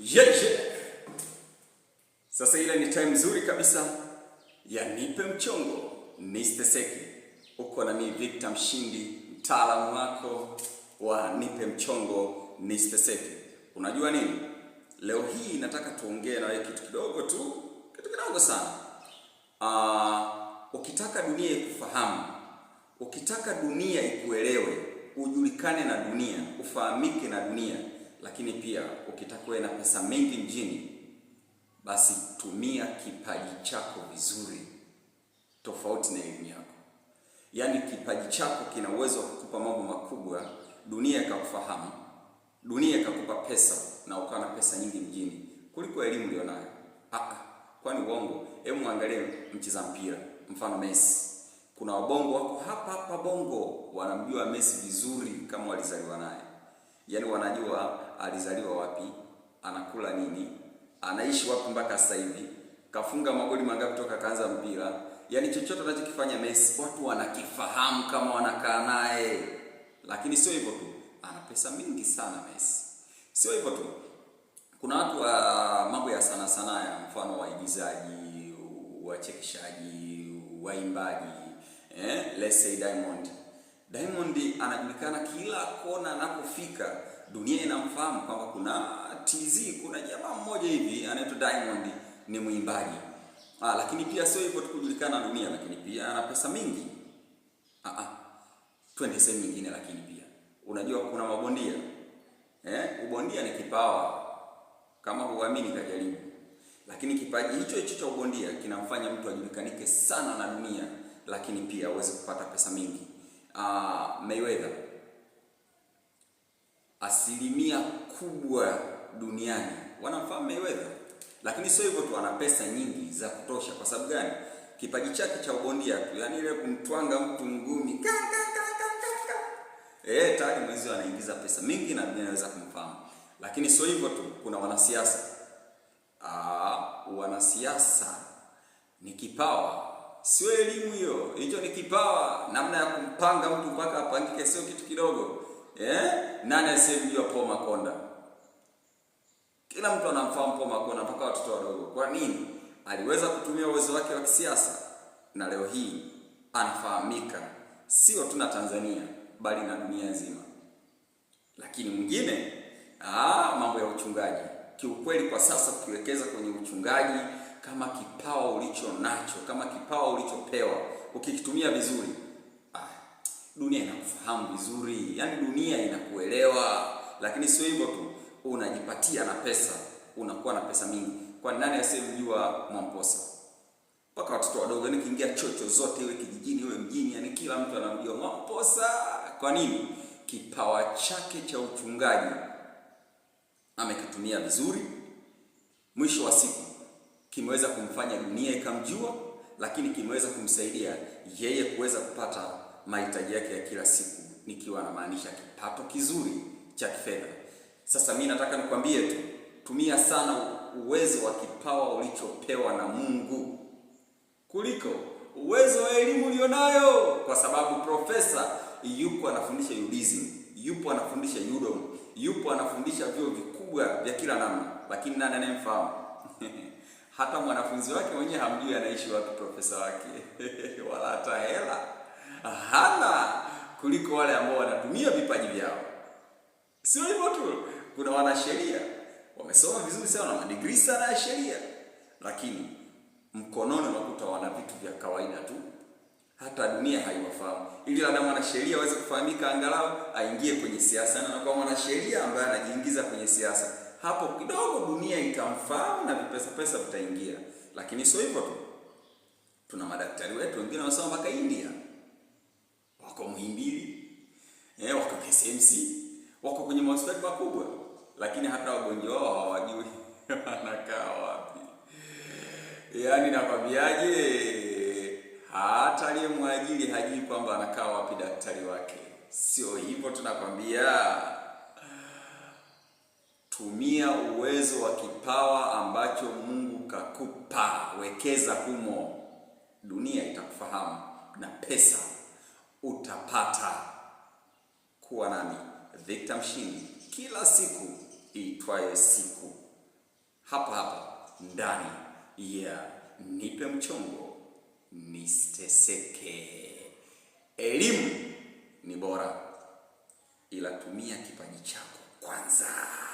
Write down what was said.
Yeye. Sasa ile ni time nzuri kabisa ya nipe mchongo nisteseke. Uko na mimi Victor Mshindi, mtaalamu wako wa nipe mchongo nisteseke. Unajua nini? Leo hii nataka tuongee na wewe kitu kidogo tu, kitu kidogo sana. Uh, ukitaka dunia ikufahamu, ukitaka dunia ikuelewe, ujulikane na dunia, ufahamike na dunia lakini pia ukitaka uwe na pesa mengi mjini, basi tumia kipaji chako vizuri, tofauti na elimu yako. Yaani kipaji chako kina uwezo wa kukupa mambo makubwa, dunia ikakufahamu, dunia ikakupa pesa na ukawa na pesa nyingi mjini kuliko elimu ulionayo. Ah, kwani uongo? Hebu mwangalie mcheza mpira, mfano Messi. Kuna wabongo wako hapa hapa Bongo wanamjua Messi vizuri kama walizaliwa naye, yaani wanajua alizaliwa wapi, anakula nini, anaishi wapi mpaka sasa hivi, kafunga magoli mangapi toka kaanza mpira. Yaani chochote anachokifanya Messi watu wanakifahamu kama wanakaa naye, lakini sio hivyo tu, ana pesa mingi sana Messi. Sio hivyo tu, kuna watu wa mambo ya sana sana ya mfano waigizaji, wachekeshaji, waimbaji eh, let's say Diamond Diamond anajulikana kila kona anapofika dunia inamfahamu kwamba kuna TZ, kuna jamaa mmoja hivi anaitwa Diamond ni mwimbaji ah, lakini pia sio hivyo tu kujulikana dunia, lakini pia ana pesa mingi ah, ah. Twende sehemu nyingine, lakini pia unajua kuna mabondia eh, ubondia ni kipawa kama huamini, kajaribu. Lakini kipaji hicho hicho cha ubondia kinamfanya mtu ajulikanike sana na dunia, lakini pia aweze kupata pesa mingi. Ah, Mayweather asilimia kubwa duniani wanamfahamu Mayweather, lakini sio hivyo tu, ana pesa nyingi za kutosha. Kwa sababu gani? Kipaji chake cha ubondia tu, yani ile kumtwanga mtu ngumi eh, tayari mwezi anaingiza pesa mingi na anaweza kumfahamu. Lakini sio hivyo tu, kuna wanasiasa ah, wanasiasa ni kipawa, sio elimu hiyo, hicho ni kipawa. Namna ya kumpanga mtu mpaka apangike sio kitu kidogo eh, nani asiyemjua Paul Makonda? Kila mtu anamfahamu Paul Makonda mpaka watoto wadogo. Kwa nini? Aliweza kutumia uwezo wake wa kisiasa, na leo hii anafahamika sio tu na Tanzania bali na dunia nzima. Lakini mwingine ah, mambo ya uchungaji. Kiukweli kwa sasa ukiwekeza kwenye uchungaji kama kipawa ulicho nacho, kama kipawa ulichopewa, ukikitumia vizuri dunia inakufahamu vizuri, yaani dunia inakuelewa. Lakini sio hivyo tu, unajipatia na pesa, unakuwa na pesa mingi. Kwa nani asiyemjua Mwamposa? Mpaka watoto wadogo, yaani kiingia chocho zote, iwe kijijini iwe mjini, yaani kila mtu anamjua Mwamposa. Kwa nini? Kipawa chake cha uchungaji amekitumia vizuri, mwisho wa siku kimeweza kumfanya dunia ikamjua, lakini kimeweza kumsaidia yeye kuweza kupata mahitaji yake ya kila siku, nikiwa namaanisha kipato kizuri cha kifedha. Sasa mimi nataka nikwambie tu, tumia sana uwezo wa kipawa ulichopewa na Mungu kuliko uwezo wa elimu ulionayo, kwa sababu profesa yupo anafundisha UDSM, yupo anafundisha UDOM, yupo anafundisha vyuo vikubwa vya kila namna, lakini nani anayemfahamu? hata mwanafunzi wake mwenyewe hamjui anaishi wapi profesa wake wala hata hela hana kuliko wale ambao wanatumia vipaji vyao. Sio hivyo tu, kuna wanasheria wamesoma vizuri sana na madigrii sana ya sheria, lakini mkononi unakuta wana vitu vya kawaida tu, hata dunia haiwafahamu. Ili labda mwanasheria aweze kufahamika, angalau aingie kwenye siasa, na kwa mwanasheria ambaye anajiingiza kwenye siasa, hapo kidogo dunia itamfahamu na vipesa pesa vitaingia. Lakini sio hivyo tu, tuna madaktari wetu wengine wanasoma mpaka India wako Muhimbili eh, wako KCMC, wako kwenye mahospitali makubwa, lakini hata wagonjwa wao hawajui wanakaa wapi. Yaani nakwambiaje, hata mwajili hajui kwamba anakaa wapi daktari wake. Sio hivyo, tunakwambia tumia uwezo wa kipawa ambacho Mungu kakupa, wekeza humo, dunia itakufahamu na pesa utapata kuwa nami Victor Mshindi kila siku itwaye siku, hapa hapa ndani ya yeah. Nipe mchongo nisiteseke. Elimu ni bora, ila tumia kipaji chako kwanza.